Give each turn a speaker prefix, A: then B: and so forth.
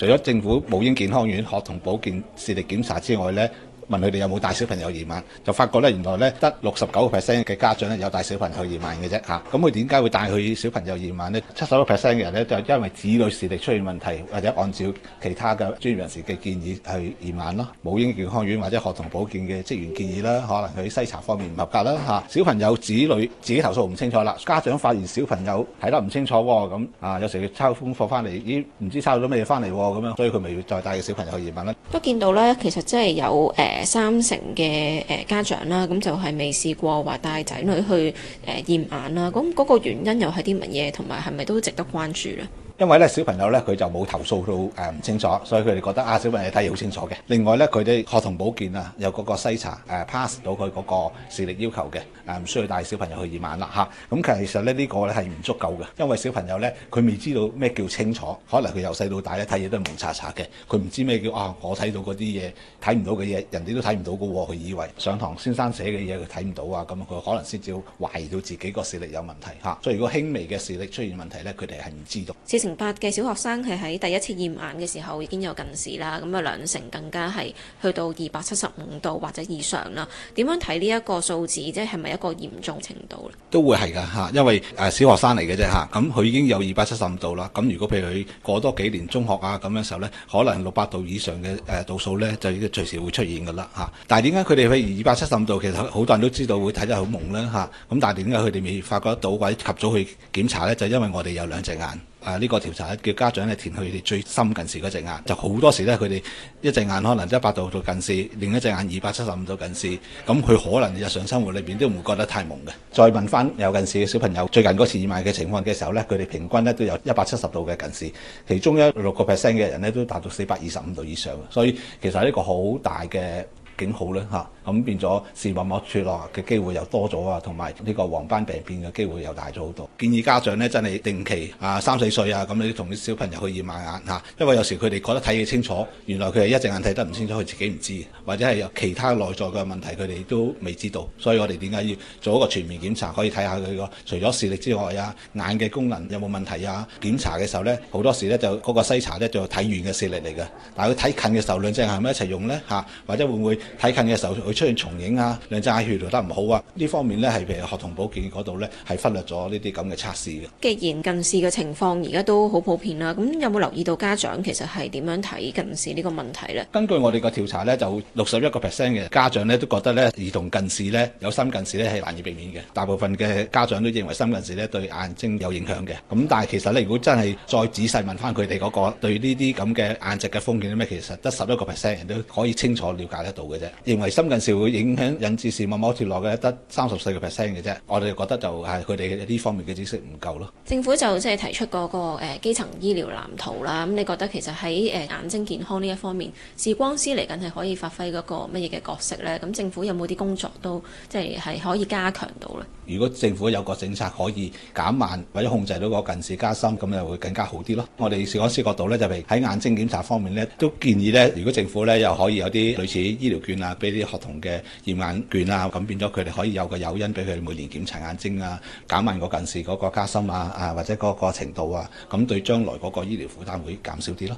A: 除咗政府母嬰健康院學童保健視力檢查之外咧。問佢哋有冇帶小朋友驗眼，就發覺咧原來咧得六十九個 percent 嘅家長咧有帶小朋友去驗眼嘅啫嚇。咁佢點解會帶佢小朋友驗眼呢？七十 percent 嘅人咧就因為子女視力出現問題，或者按照其他嘅專業人士嘅建議去驗眼咯。母嬰健康院或者學童保健嘅職員建議啦，可能佢西查方面唔合格啦嚇。小朋友子女自己投訴唔清楚啦，家長發現小朋友睇得唔清楚喎，咁啊有時佢抄功課翻嚟，咦唔知抄咗咩嘢翻嚟咁樣，所以佢咪要再帶個小朋友去驗眼啦。
B: 都見到咧，其實真係有誒。誒三成嘅誒家長啦，咁就係未試過話帶仔女去誒驗眼啦。咁嗰個原因又係啲乜嘢，同埋係咪都值得關注呢？
A: 因為咧小朋友咧佢就冇投訴到誒唔清楚，所以佢哋覺得啊小朋友睇嘢好清楚嘅。另外咧佢哋學童保健啊有嗰個篩查誒 pass 到佢嗰個視力要求嘅誒，唔需要帶小朋友去驗眼啦嚇。咁其實咧呢個咧係唔足夠嘅，因為小朋友咧佢未知道咩叫清楚，可能佢由細到大咧睇嘢都係蒙查查嘅，佢唔知咩叫啊我睇到嗰啲嘢睇唔到嘅嘢，人哋都睇唔到嘅喎，佢以為上堂先生寫嘅嘢佢睇唔到啊咁，佢可能先至懷疑到自己個視力有問題嚇。所以如果輕微嘅視力出現問題咧，佢哋係唔知道。
B: 八嘅小學生係喺第一次驗眼嘅時候已經有近視啦，咁啊兩成更加係去到二百七十五度或者以上啦。點樣睇呢一個數字，即係咪一個嚴重程度咧？
A: 都會係噶嚇，因為誒小學生嚟嘅啫嚇，咁佢已經有二百七十五度啦。咁如果譬如佢過多幾年中學啊咁嘅時候咧，可能六百度以上嘅誒度數咧就已經隨時會出現噶啦嚇。但係點解佢哋譬如二百七十五度，其實好多人都知道會睇得好矇咧嚇。咁但係點解佢哋未發覺得到或者及早去檢查咧？就因為我哋有兩隻眼。啊！呢個調查叫家長咧填佢哋最深近視嗰隻眼，就好多時咧，佢哋一隻眼可能一百度度近視，另一隻眼二百七十五度近視，咁佢可能日常生活裏邊都唔會覺得太朦嘅。再問翻有近視嘅小朋友最近嗰次驗眼嘅情況嘅時候咧，佢哋平均咧都有一百七十度嘅近視，其中一六個 percent 嘅人咧都達到四百二十五度以上嘅，所以其實係一個好大嘅警號咧嚇。咁變咗視網膜脫落嘅機會又多咗啊，同埋呢個黃斑病變嘅機會又大咗好多。建議家長咧真係定期啊三四歲啊咁你同啲小朋友去驗埋眼、啊、因為有時佢哋覺得睇嘢清楚，原來佢係一隻眼睇得唔清楚，佢自己唔知，或者係有其他內在嘅問題，佢哋都未知道。所以我哋點解要做一個全面檢查，可以睇下佢個除咗視力之外啊，眼嘅功能有冇問題啊？檢查嘅時候咧，好多時咧就嗰、那個篩查咧就睇遠嘅視力嚟嘅，但係佢睇近嘅時候兩隻係咪一齊用咧、啊、或者會唔會睇近嘅時候？出現重影啊，兩隻眼血流得唔好啊，呢方面咧係譬如學童保健嗰度咧係忽略咗呢啲咁嘅測試嘅。
B: 既然近視嘅情況而家都好普遍啦，啊，咁有冇留意到家長其實係點樣睇近視呢個問題咧？
A: 根據我哋個調查咧，就六十一個 percent 嘅家長咧都覺得咧兒童近視咧有深近視咧係難以避免嘅。大部分嘅家長都認為深近視咧對眼睛有影響嘅。咁但係其實咧，如果真係再仔細問翻佢哋嗰個對呢啲咁嘅眼疾嘅風險啲咩，其實得十一個 percent 人都可以清楚瞭解得到嘅啫。認為深近就會影響引致視網膜脫落嘅，得三十四個 percent 嘅啫。我哋覺得就係佢哋呢方面嘅知識唔夠咯。
B: 政府就即係提出嗰個基層醫療藍圖啦。咁你覺得其實喺誒眼睛健康呢一方面，視光師嚟緊係可以發揮嗰個乜嘢嘅角色咧？咁政府有冇啲工作都即係係可以加強到咧？
A: 如果政府有個政策可以減慢或者控制到個近視加深，咁又會更加好啲咯。我哋視光師角度咧，就係喺眼睛檢查方面咧，都建議咧，如果政府咧又可以有啲類似醫療券啊，俾啲學童。嘅驗眼券啊，咁變咗佢哋可以有個誘因俾佢哋每年檢查眼睛啊，減慢個近視嗰個加深啊，啊或者嗰個程度啊，咁對將來嗰個醫療負擔會減少啲咯。